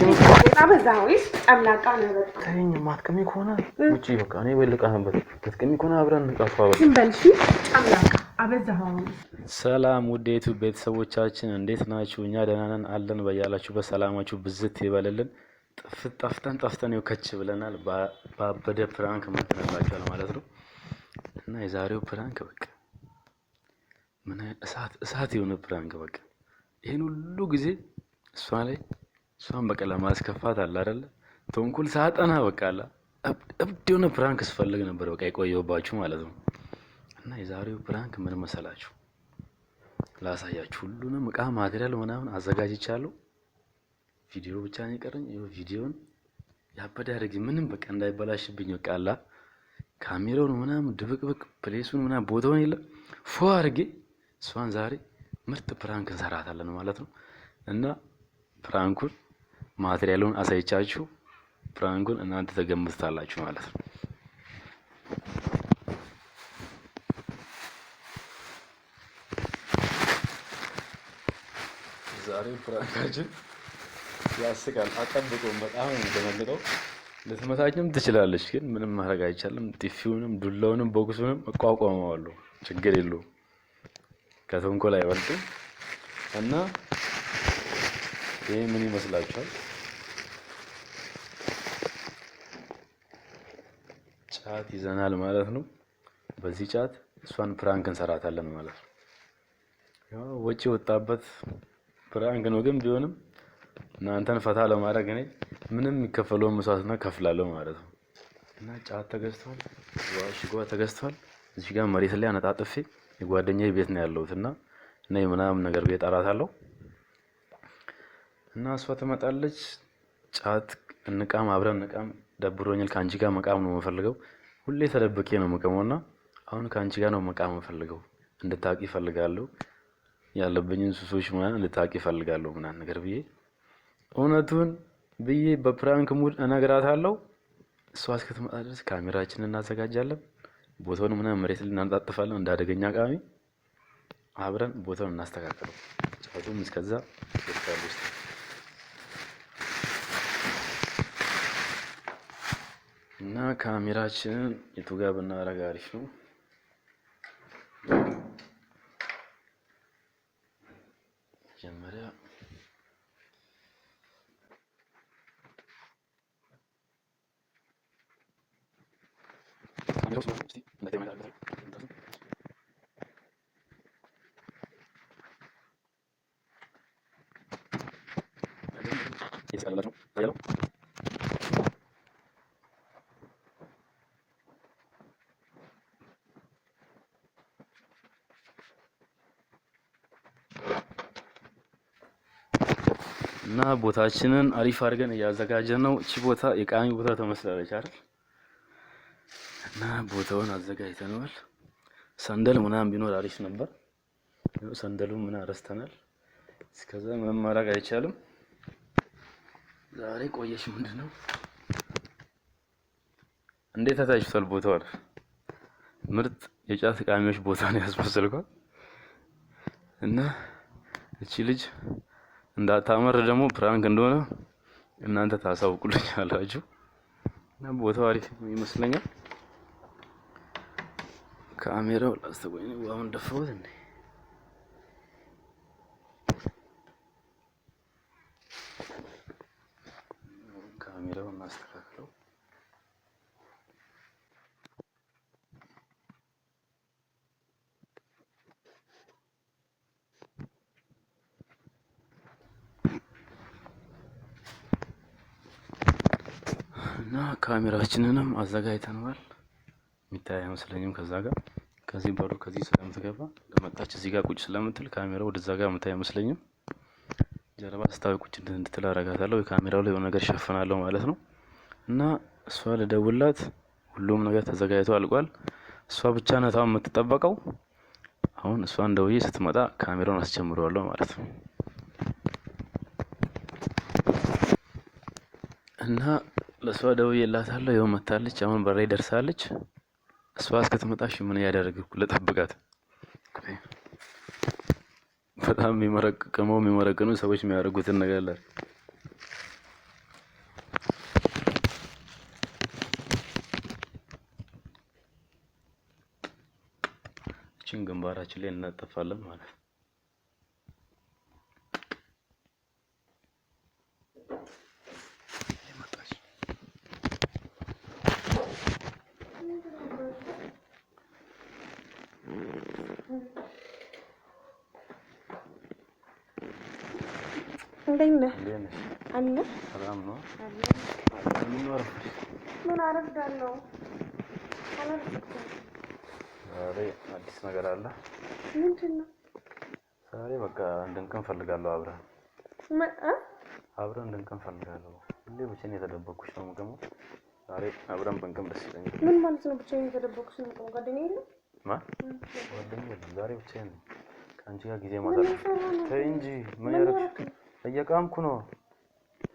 ሰላም ውዴቱ ቤተሰቦቻችን እንዴት ናችሁ? እኛ ደህና ነን አለን። በያላችሁ በሰላማችሁ ብዝት ይበልልን። ጠፍተን ጠፍተን ከች ብለናል። ባበደ ፕራንክ መጥተንላችኋል ማለት ነው እና የዛሬው ፕራንክ በቃ ምን እሳት የሆነ ፕራንክ በቃ ይህን ሁሉ ጊዜ እሷ ላይ እሷን በቃ ለማስከፋት አለ አይደለ ተንኩል ሳጠና በቃ አለ እብድ የሆነ ፕራንክ ስፈልግ ነበር በቃ የቆየሁባችሁ ማለት ነው። እና የዛሬው ፕራንክ ምን መሰላችሁ? ላሳያችሁ። ሁሉንም እቃ ማቴሪያል ምናምን አዘጋጅቻለሁ። ቪዲዮ ብቻ ነው የቀረኝ። ይኸው ቪዲዮን ያበደ ያደርግ ምንም በቃ እንዳይበላሽብኝ በቃ አላ ካሜራውን ምናምን ድብቅብቅ ፕሌሱን ምናምን ቦታውን የለም ፎ አድርጌ እሷን ዛሬ ምርጥ ፕራንክ እንሰራታለን ማለት ነው እና ፕራንኩን ማቴሪያሉን አሳይቻችሁ ፕራንኩን እናንተ ተገምታላችሁ ማለት ነው። ዛሬ ፕራንካችን ያስቃል። አጠብቆም በጣም እንደመለጠው ልትመታችም ትችላለች፣ ግን ምንም ማድረግ አይቻልም። ጥፊውንም ዱላውንም ቦክሱንም እቋቋመዋለሁ። ችግር የለውም። ከተንኮል አይበልጥም እና ይህ ምን ይመስላችኋል? ሰዓት ይዘናል ማለት ነው። በዚህ ጫት እሷን ፕራንክ እንሰራታለን ማለት ነው። ያው ወጪ ወጣበት ፕራንክ ነው፣ ግን ቢሆንም እናንተን ፈታ ለማድረግ እኔ ምንም የሚከፈለውን መስዋዕትና ከፍላለሁ ማለት ነው። እና ጫት ተገዝቷል፣ ሽጓ ተገዝቷል። እዚህ ጋር መሬት ላይ አነጣጥፌ የጓደኛ ቤት ነው ያለሁት እና እና ምናምን ነገር ቤት እና እሷ ትመጣለች። ጫት እንቃም፣ አብረን እንቃም። ደብሮኛል፣ ከአንቺ ጋር መቃም ነው የምፈልገው ሁሌ ተደብቄ ነው የምቀመው እና አሁን ከአንቺ ጋር ነው መቃም ፈልገው እንድታቂ እፈልጋለሁ ያለብኝን ሱሶች ምናምን እንድታቂ እፈልጋለሁ ምናምን ነገር ብዬ እውነቱን ብዬ በፕራንክ ሙድ እነግራታለሁ። እሷ እስክትመጣ ድረስ ካሜራችንን እናዘጋጃለን፣ ቦታውን ምናምን መሬት ልናንጣጥፋለን እንደ አደገኛ ቃሚ አብረን ቦታውን እናስተካክለው። ጫቱም እስከዛ ውስጥ እና ካሜራችንን የቱ ጋር ብናደርግ አሪፍ ነው? መጀመሪያ ካሜራው እና ቦታችንን አሪፍ አድርገን እያዘጋጀ ነው። እቺ ቦታ የቃሚ ቦታ ተመስላለች አይደል? እና ቦታውን አዘጋጅተነዋል። ሰንደል ምናምን ቢኖር አሪፍ ነበር። ሰንደሉ ምናምን አረስተናል? እስከዛ ምንም ማድረግ አይቻልም። ዛሬ ቆየሽ ምንድን ነው? እንዴት ታታችሁታል? ቦታው አይደል? ምርጥ የጫት ቃሚዎች ቦታ ነው ያስመስልኳል እና እቺ ልጅ እንዳታመር ደግሞ ፕራንክ እንደሆነ እናንተ ታሳውቁልኝ አላችሁ እና ቦታው አሪፍ ይመስለኛል። ካሜራው ላስተቆኝ አሁን ደፈውት እንዴ ካሜራው እና ካሜራችንንም አዘጋጅተነዋል። የሚታይ አይመስለኝም። ከዛ ጋር ከዚህ በሩ ከዚህ ስለምትገባ ለመጣች እዚህ ጋር ቁጭ ስለምትል ካሜራ ወደዛ ጋር የምታይ አይመስለኝም። ጀርባ ስታዊ ቁጭ እንድትል አረጋታለሁ። የካሜራው ላይ የሆነ ነገር ሸፍናለሁ ማለት ነው። እና እሷ ልደውላት። ሁሉም ነገር ተዘጋጅቶ አልቋል። እሷ ብቻ ነታው የምትጠበቀው። አሁን እሷ እንደውዬ ስትመጣ ካሜራውን አስጀምረዋለሁ ማለት ነው እና ለእሷ ደውዬላታለሁ። ይኸው መታለች። አሁን በራይ ደርሳለች። እሷ እስከትመጣሽ ምን ያደረግኩ ለጠብቃት በጣም የሚመረቅመው ነው። ሰዎች የሚያደርጉትን ነገር ላይ ግንባራችን ላይ እናጠፋለን ማለት ነው። ምን አረግዳለሁ? ዛሬ አዲስ ነገር አለ። ምንድን ነው? ዛሬ በቃ እንድንቀን ፈልጋለሁ። አብረን አብረን እንድንቀን ፈልጋለሁ። ሁሌ ብቻዬን የተደበኩሽ ነው የምቀመው። ዛሬ አብረን ብንቀም ደስ ይለኛል። ምን ማለት ነው? ብቻዬን የተደበኩሽ ነው የምቀመው? ጓደኛ የለም ማን? ጓደኛ የለም። ዛሬ ብቻዬን ከአንቺ ጋር ጊዜ ማሳለፍ። ተይ እንጂ ምን ያደረግሽ? እየቃምኩ ነው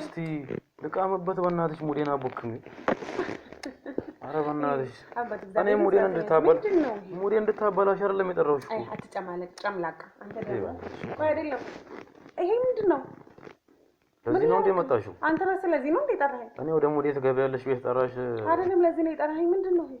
እስቲ ልቃምበት በእናትሽ ሙዴን አቦክም። አረ በእናትሽ እኔ ሙዴን እንድታበል ሙዴን እንድታበላሽ አይደለም የጠራሁሽ አትጨማለቅ ጨምላቃ። ነው? ለዚህ ነው እንዴ የመጣሽው? አንተ ስለዚህ ነው እንዴ የጠራኸኝ? እኔ ወደ ሙዴ ትገቢያለሽ ቤት ጠራሽ አይደለም። ለዚህ ነው የጠራኸኝ? ምንድን ነው ይሄ?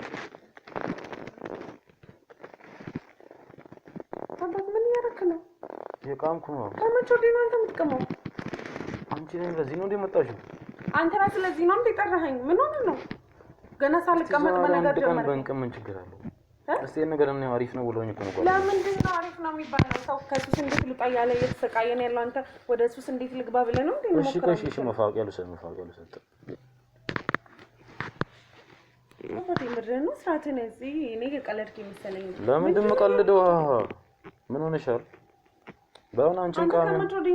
እየቃምኩ ነው። ከመቼ ወዲህ ነው አንተ የምትቀመው? አንቺ ነኝ ለዚህ ነው እንደ አንተ ራስህ ለዚህ ነው እንደ ምን ሆነ ነው ገና ሳልቀመጥ መነገር ጀመረ። በእንቅም ምን ችግር አለው? እስቲ ነገር ነው አሪፍ ነው ብለውኝ እኮ ነው። ለምንድን ነው አሪፍ ነው የሚባለው? ሰው ከሱስ እንዴት ልውጣ እያለ እየተሰቃየ ነው ያለው። አንተ ወደ ሱስ እንዴት ልግባ ብለህ ነው እንዴ? እሺ እሺ እሺ፣ መፋቂያ ልውሰድ፣ መፋቂያ ልውሰድ። አባቴ ምድርን እዚህ እኔ የቀለድክ ይመስለኝ። ለምንድን የምቀልደው? ምን ሆነሻል? በአሁን አንቺ ቃም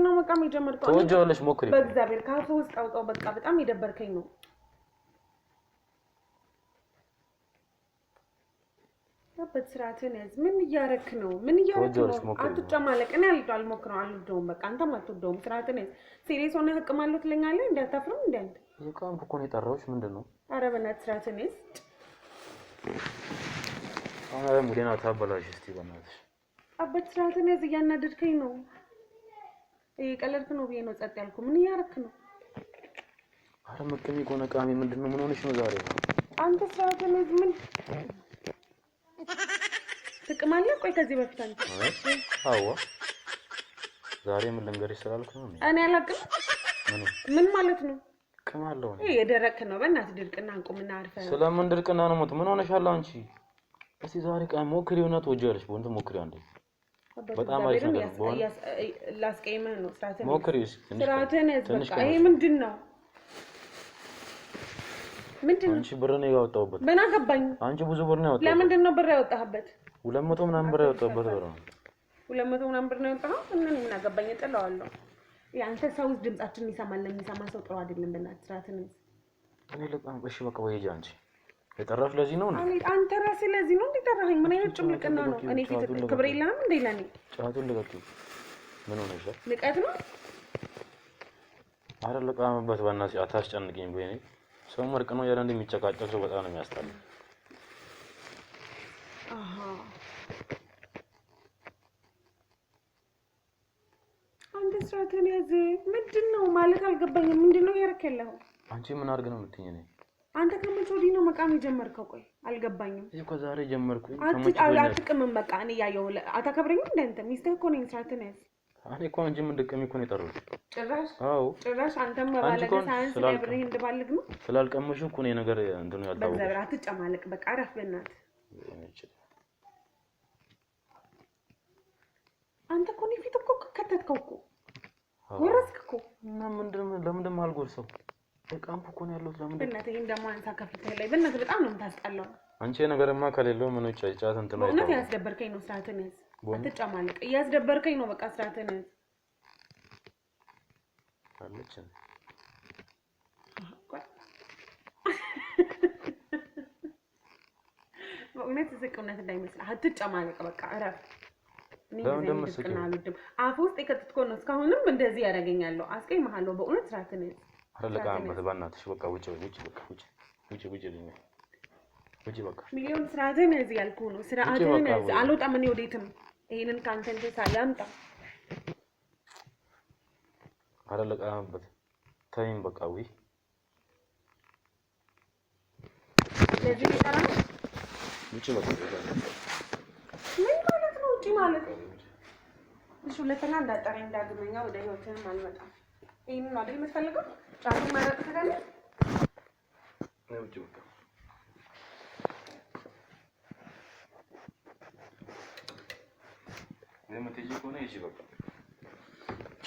ነው መቃም የጀመርከው ትወጂዋለሽ። ሞክሪ፣ በእግዚአብሔር ካፍ ውስጥ አውጣው። በቃ በጣም የደበርከኝ ነው። ያበት ስርዓትን ያዝ። ምን እያረክ ነው? ምን እያረክ ነው? አትጨማለቅ። እኔ አልሞክረው አልወደውም። በቃ አንተም አትወደውም። ስርዓትን ያዝ። ሴሪየስ ሆነ ህቅማለሁ ትለኛለህ። እንዳታፍርም እንዳንተ በቃም እኮ ነው የጠራሁሽ። ምንድን ነው? ኧረ በእናትህ ስርዓትን ያዝ። አሁን ሙዴና ታበላሽ እስቲ በእናትሽ አባት ስርዓትን ያዝ። እያናደድከኝ ነው። ቀለድክ ነው ብዬ ነው ጸጥ ያልኩ። ምን እያደረክ ነው? አረ መቀሚ ቆነ ቃሚ ምንድን ነው? ምን ሆነሽ ነው ዛሬ? አንተ ስርዓትን ያዝ። ምን ጥቅም ቆይ ከዚህ በፊት አንተ አዎ፣ ዛሬ ምን ልንገርሽ ስላልኩ ነው። እኔ አላቅም። ምን ማለት ነው? ጥቅም አለው ነው? የደረቅክ ነው። በእናትህ ድርቅና እንቁምና አርፈ። ስለምን ድርቅና ነው? ሞት ምን ሆነሻል አንቺ? እስቲ ዛሬ ቃሚ ሞክሪ፣ እውነት ወጀርሽ ወንድ ሞክሪ አንዴ በጣም አሪፍ ነገር ቢሆን ላስቀይምህ ነው። ስርዓትህን ሞክሪ እስኪ ስርዓትህን ትንሽ ይሄ ምንድን ነው? ምንድን ነው? አንቺ ብር ነው ያወጣሁበት። ምን አገባኝ? አንቺ ብዙ ብር ነው ያወጣሁበት። ለምንድን ነው ብር ያወጣህበት? ሁለት መቶ ምናምን ብር ያወጣሁበት ብር ነው። ሁለት መቶ ምናምን ብር ነው ያወጣሁት። ምን ምን አገባኝ? እጥለዋለሁ። የአንተ ሰው ድምጻችን ይሰማል። ለሚሰማ ሰው ጥሩ አይደለም። በእናትህ እኔ እሺ በቃ ወይ ሂጂ አንቺ የጠራህ ለዚህ ነው። አንተ ራስህ ለዚህ ነው እንዲጠራኝ። ምን አይነት ጭምልቅና ነው? እኔ ፊት ክብር የለህም እንዴ? ለኔ ጫቱን ልቀቂ። ምን ሆነሻል? ንቀት ነው። አረ ልቃምበት፣ በእናትሽ አታስጨንቅኝ። በኔ ሰው ወርቅ ነው ያለ እንደሚጨቃጨቅ ሰው በጣም ነው የሚያስጠላው። አሃ አንተ ስራትን ያዝ። ምንድን ነው ማለት አልገባኝም። ምንድን ነው ያደረክ ያለኸው? አንቺ ምን አድርግ ነው የምትይኝ? አንተ ከመቼ ወዲህ ነው መቃም የጀመርከው? ቆይ አልገባኝም እኮ ዛሬ ጀመርኩኝ። አትቅምም በቃ እኔ እያየሁ አታከብረኝም። እንደንተ አንተ ሚስትህ እኮ ነኝ። ስራትን ያዝ። እኔ እኮ አንቺ ምን ድቀሚ እኮ ነው የጠሩት። ጭራሽ ጭራሽ አንተም በባለገ ሳይንስ ላይ እንድባልግ ነው ስላልቀምሹ እኮ ነው ነገር እንትኑ ያልታወቀ። በእግዚአብሔር አትጨማለቅ። በቃ አረፍ በእናት አንተ እኮ እኔ ፊት እኮ ከተትከው እኮ ወረስክ እኮ እና ምንድን ለምንድን ማልጎርሰው በጣም ነው ያለሁት ለምን? በእናትህ ይሄን ደግሞ አንሳ ከፍተህ ላይ በእናትህ በጣም ነው የምታስጠላው። አንቺ ነገርማ ከሌለው ምን ውጭ ጫት እንትን ነው። በእውነት ያስደበርከኝ ነው። ስርዓትህን ያዝ። አትጨማለቅ። እያስደበርከኝ ነው። በቃ ስርዓትህን ያዝ አለች። በእውነት ዝቅ እውነት እንዳይመስልህ። አትጨማለቅ። በቃ እረፍ። አፍ ውስጥ የከተትኮ ነው። እስካሁንም እንደዚህ ያደርገኛለሁ። አስቀይምሃለሁ። በእውነት ስርዓትህን ያዝ። አልለቀምበት በእናትሽ በቃ ውጭ ውጭ በቃ ውጭ ውጭ ውጭ ልኝ ውጭ በቃ ሚሊዮን ስርዓትህን እዚህ ያልኩህ ነው። ስርዓትህን አልወጣም እኔ ወዴትም ይሄንን ከአንተ እንትን ሳላምጣ አልለቀምበት ተይኝ በቃ ወይ ለዚህ ይጠራ ውጭ በቃ ምን ማለት ነው ውጭ ማለት እሱ ሁለተኛ እንዳጠረኝ እንዳግመኛ ወደ ህይወትህም አልመጣም። ይሄንን አይደል የምትፈልገው? ጫፉ ማረጥ ትላለህ።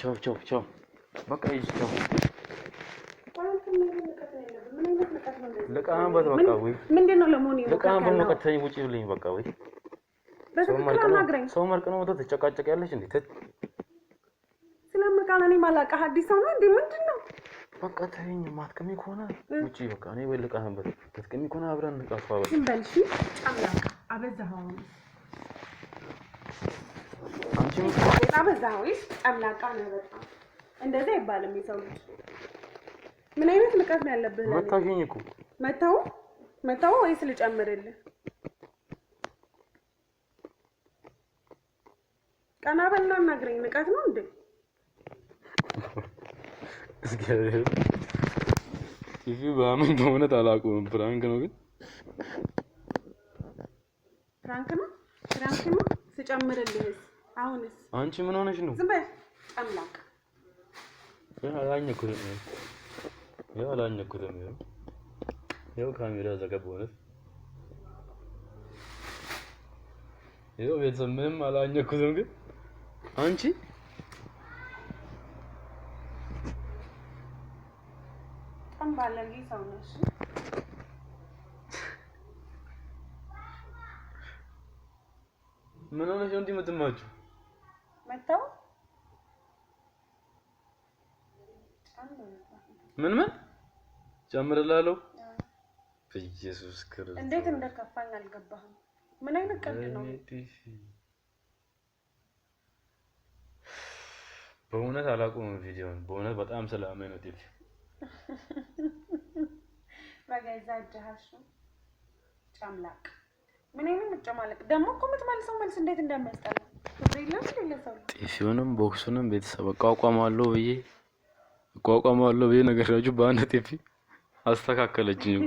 ቻው ቻው ቻው፣ በቃ ይዤ ቻው። ልቃምበት በቃ ወይ ምንድን ነው ለመሆኑ? ልቃምበት በቃ ተይ፣ ውጪ ብለኝ በቃ ወይ። ሰው መርቅ ነው ወጥተህ ትጨቃጨቅ ያለች እንዴ? ስለምቃና እኔ ማላውቅህ አዲስ ሰው ነው እንዴ? ምንድን ነው በቃ ተይኝ። ማትቀሚ ከሆነ ውጪ በቃ እኔ በልቃ ነበር። ትቀሚ ከሆነ አብረን እንቃፋው። ዝም በል እሺ። ጫምላክ አበዛኸው፣ አንቺ አበዛኸው። እሺ ጫምላካ ነው በጣም እንደዛ አይባልም። የሰው ልጅ ምን አይነት ልቀት ነው ያለብህ? መታሽኝ እኮ መታው መታው። ወይስ ልጨምርልህ? ቀና በልና እናግረኝ። ንቀት ነው እንዴ? ቲቪው በምን በእውነት አላውቅም። ፕራንክ ነው ግን ፕራንክ ነው ፕራንክ ነው አሁንስ አንቺ ምን ሆነሽ ነው? ዝም በይ ጨምላቅ። አላኘኩትም፣ ይኸው አላኘኩትም፣ ይኸው ካሜራ በእውነት ይኸው ቤተሰብ ምንም አላኘኩትም ግን አንቺ የምታለል ሰው ነሽ። ምን ሆነሽ ነው እንዲህ የምትማችሁ? መጣው ምን ምን ጨምርላለሁ? በኢየሱስ ክርስቶስ እንዴት እንደከፋኝ አልገባህም። ምን አይነት ቀልድ ነው? በእውነት አላቆምም ቪዲዮውን በእውነት በጣም ስለአመመኝ ነው። በጋ ይዛ እጅሃሽ ጨምላቅ ምንም ምጨማለቅ ደግሞ እኮ የምትመልሰው መልስ እንዴት እንደሚያስጠላ ጤፊውንም ቦክሱንም ቤተሰብ እቋቋማለሁ ብዬ እቋቋማለሁ ብዬ ነገራችሁ። በአንድ ጤፊ አስተካከለችኝ።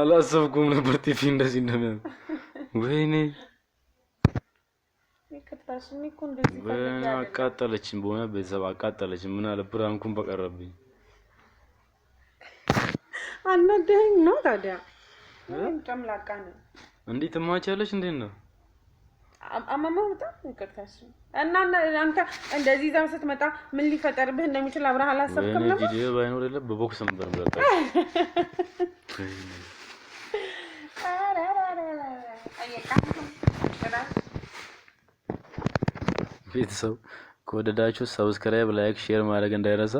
አላሰብኩም ነበር ጤፊ እንደዚህ እንደሚያዝ። ወይኔ አቃጠለችኝ፣ በሆነ ቤተሰብ አቃጠለችኝ። ምን አለ ብራንኩን በቀረብኝ አናደኸኝ ነው ታዲያ። ጨምላቃ ነው እንዴት ትማቻለሽ? እንዴት ነው አማማ? በጣም ይቅርታ። እሱ እና አንተ እንደዚህ ዛም ስትመጣ ምን ሊፈጠርብህ እንደሚችል አብረህ አላሰብክም ነበር? ቪዲዮ ባይኖር የለም በቦክስ ነበር ምበጣ ቤተሰብ ከወደዳችሁ ሰብስክራይብ፣ ላይክ፣ ሼር ማድረግ እንዳይረሳ።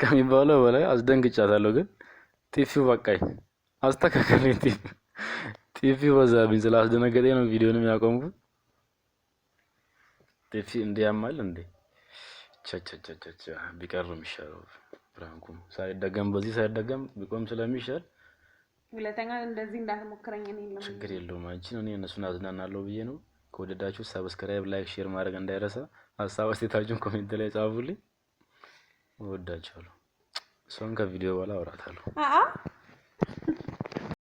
ከሚባለው በላይ አስደንግጫታለሁ ግን ጢፊው በቃኝ፣ አስተካከል። ጢፊው በዛብኝ ስላስደነገጤ ነው ቪዲዮንም ያቆምኩ። ጢፊ እንዲያማል እንዴ! ቻቻቻቻ ቢቀር የሚሻለው ፍራንኩም ሳይደገም በዚህ ሳይደገም ቢቆም ስለሚሻል ሁለተኛ እንደዚህ እንዳትሞክረኝ። እኔ ነው ችግር የለውም አንቺ ነው እኔ እነሱን አዝናናለሁ ብዬ ነው። ከወደዳችሁ ሰብስክራይብ፣ ላይክ፣ ሼር ማድረግ እንዳይረሳ። ሀሳብ አስተያየታችሁን ኮሜንት ላይ ጻፉልኝ። እወዳችኋለሁ። እሷን ከቪዲዮ በኋላ አውራታለሁ።